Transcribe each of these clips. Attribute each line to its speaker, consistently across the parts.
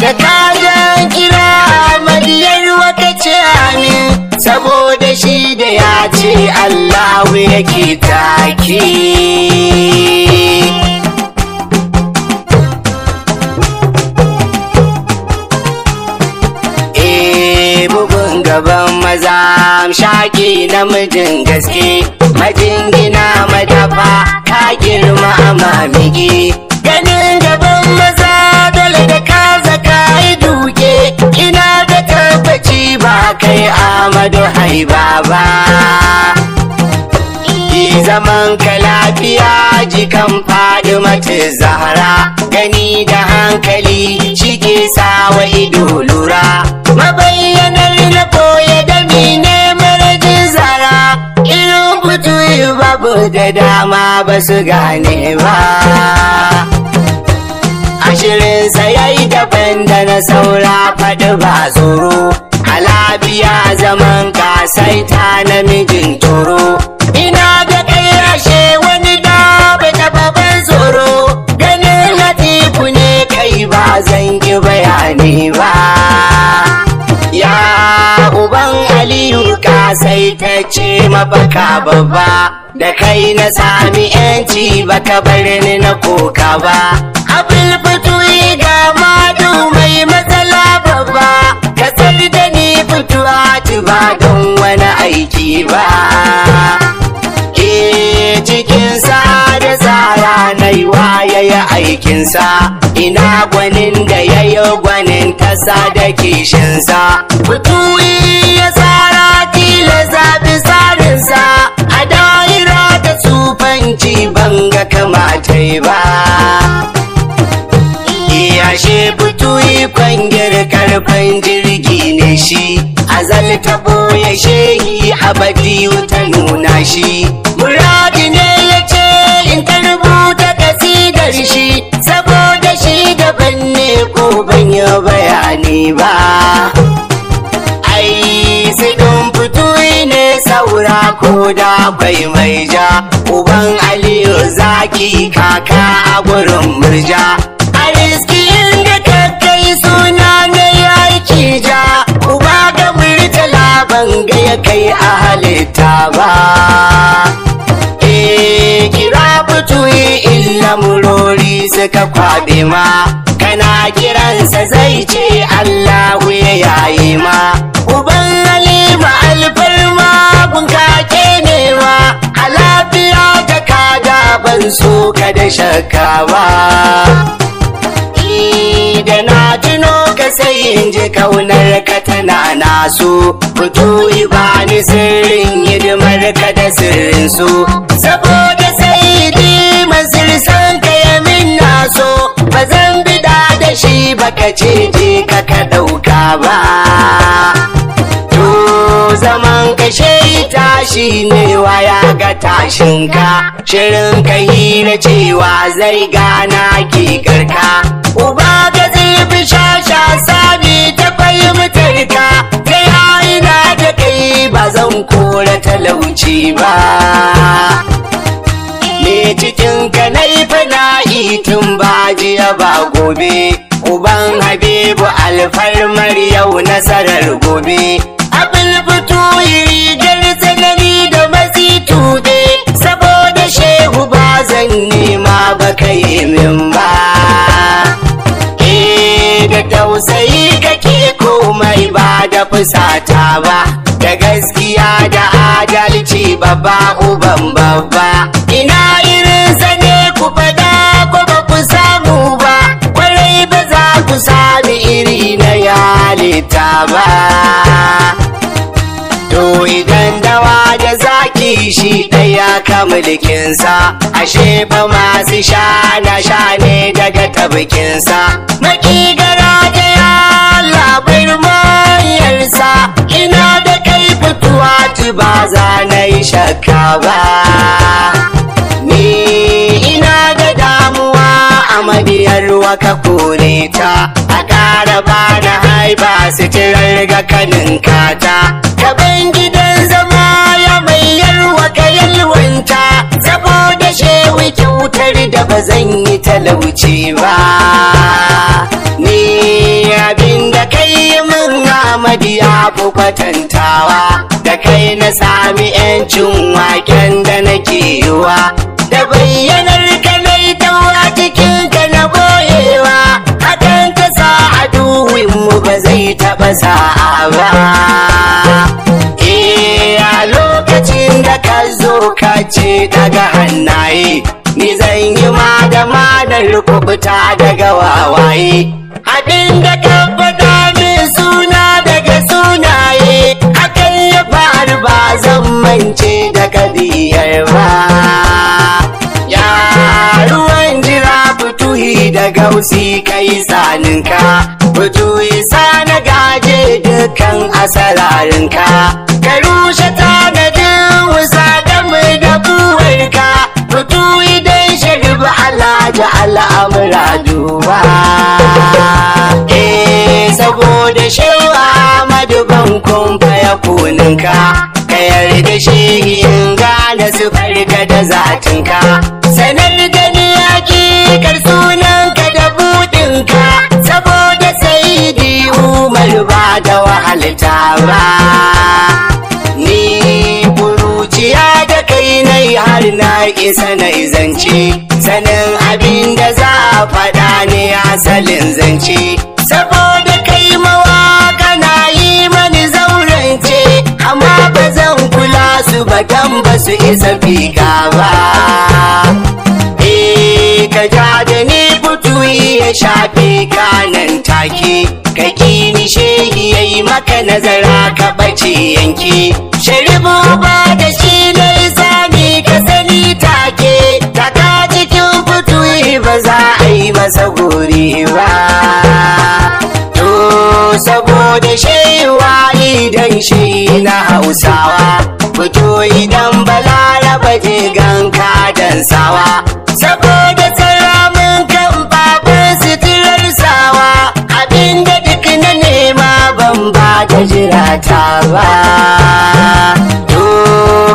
Speaker 1: da kayan ila madiyar wata ce amin saboda shi da ya ce allahu yake taki eh, gaban maza shaki namijin gaske majingina madafa ka girma a mamigi ganin gaba kai amadu ba. baba zaman ka lafiya jikan faɗi mace zahara gani da hankali shige sawa ido lura mabayyanar na koya dami ne marajin zara irin yi babu da dama ba su gane ba ashirinsa ya yi daban da na saura faɗi ba tsoro lafiya zaman ta namijin turo ina ga ashe wani da da baban tsoro ganin latifu ne kai ba zan ki bayani ba ya uban aliyu ta ce mafaka babba da kai na sami yanci baka bar ni na koka ba abin fito ga ma yi ba sada cikinsa da tsara na yi ya yi aikinsa ina gwanin da ya yi gwanin kasa da kishinsa Buturi ya tsara tila zafi tsarinsa a da'ira da tsufanci banga yi ba yashe fito ikon girkar karfan jirgi ne shi azal tabo ya shehi ba biyu ta nuna shi muradi ne ya ce in ta rubuta kasidar shi saboda shi daban ne ko ban yi bayani ba ai sai don fito ne saura ko da bai mai ja uban aliyu zaki kaka a gurin murja a riski suna na yaki ja uba ka murtala ban kai a halitta ba eh kira butui illa murori suka kwabe ma kana kiransa zai ce allahu ya yayi ma uban halima alfarma kun kake ma. a lafiya ta kaga ban so ka da shakka ba e, da na tuno ka sai in ji kaunar ka tana naso fito ba sirrin hidimar ka da sirrin su saboda sai masir ka ya minna so ba zan bida da shi baka ce je ka ka dauka ba to zaman ka shaita tashi ne waya ga tashin ka shirin ka hira cewa zai gana ki karka uba zan kora talauci ba me cikin ka na yi tun ba jiya ba gobe uban habibu alfarmar yau nasarar gobe abin fito rigar tsanani da mazi tuɓe saboda shehu ba zan nema ba kai min ba Eh da tausayi kake komai ba da fusata ba da gaskiya da adalci babba uban babba ina irin sane ku fada ko ba ku samu ba kwarai ba za ku sami iri na yalita ba to idan dawa da zaki shi ɗaya ka mulkinsa ashe ba masu sha na sha ne daga tabikinsa maki da Allah bai rumayarsa ina da kai fituwa ci ba za na yi shakka ba ni ina da damuwa a madiyar waka kore ta a ƙara ba na haiba su tirar ga kanin kata ka gidan zama ya mai yarwa ka yalwanta saboda shewi kyautar da ba zan yi talauci ba kwatantawa da kai na sami yancin waken da nake yiwa da bayyanar ka mai taura cikin ka na boyewa hakan ka sa a duwin mu ba zai taba sa'a ba eh a lokacin da ka zo ka ce daga hannaye ni zan yi maganar kubuta daga wawaye abin da ka faɗa min suna daga suna ba zan mance da kadiyar ba ya ruwan jira fituhi da gausi kai saninka fituhi sa na gaje dukan asararinka ka rushe tanadin wusa da mu da buwarka fituhi don ala da al'amura duba kuninka ka yarda shi in gane farka da zatinka sanar da ni kar sunanka da budinka saboda sayidi umar ba da wahalta ba ni buruciya da kai na har na isa na izance sanin abin da za a faɗa ne asalin zance saboda kai mawakan su bakan ba su isa fika ba eh ka ja da ni butuwi ya shafe kanan take ka kini shehi ya yi maka nazara ka bace yanki sharibu ba da shi na ne ka sani take taka cikin butuwi ba za a yi masa gori ba to saboda shewa idan shi na hausawa fito idan balaraba je ganka dan sawa saboda tsaramin kan babin sitirar sawa abinda duk na nema ban ba da ta ba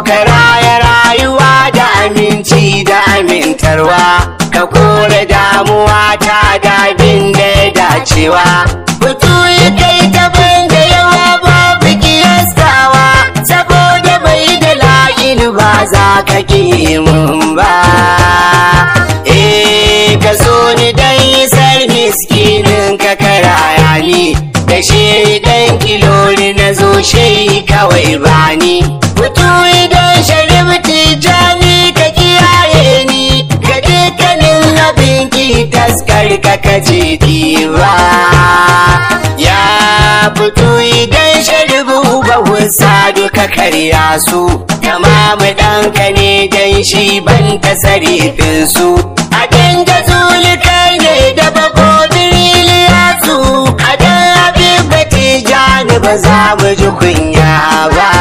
Speaker 1: ka raya rayuwa da aminci da amintarwa ka kore damuwa ta da abin da ya dacewa ka mun ba eh ka so ni yi sar miskinin ka karaya ni da shi dan kiloli na zo shi kawai bani mutu idan sharif tijani ka kiyaye ni ga dukkanin abin ki taskar ka kaje ba ya fito idan sharif sahun duka karya su tamamu ɗanka ne dan shi ban ta su a dinga zulika ne da bako biriliya su a dan abin tijani ba za mu ji kunya ba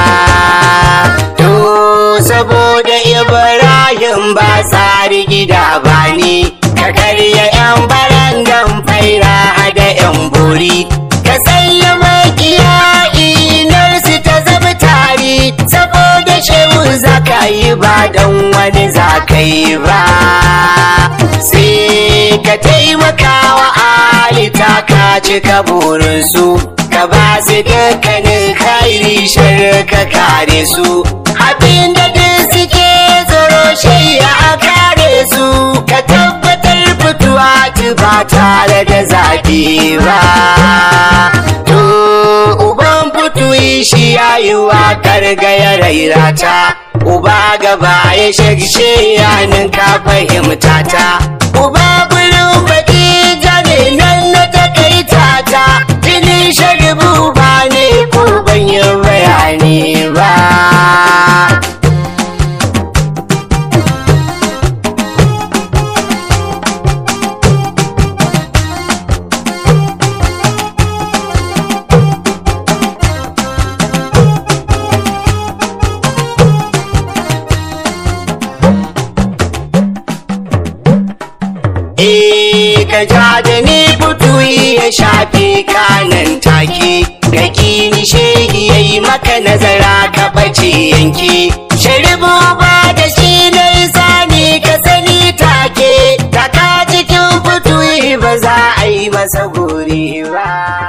Speaker 1: to saboda ibrahim ba tsari gida ba ni ka karya yan barandan faira da yan buri yi ba dan wani za ka yi ba sai ka taimaka wa alita ka cika burinsu ka ba su dukkanin kairi shirka kare su abin da duk suke tsoro shi ya ba tare da zaɓi ba to uban fituyi shi ya yi waƙar rairata uba gaba ya shagshe yanin ka fahimta ta uba birin baki jami nan na takaita ta jini shagibu ba ne ko ban yi bayani ba ka shafe kanan take ka kini shehi yayi maka nazara ka bace yanki sharibu ba da shi na sani ka sani take taka cikin fito ba za a yi masa guri ba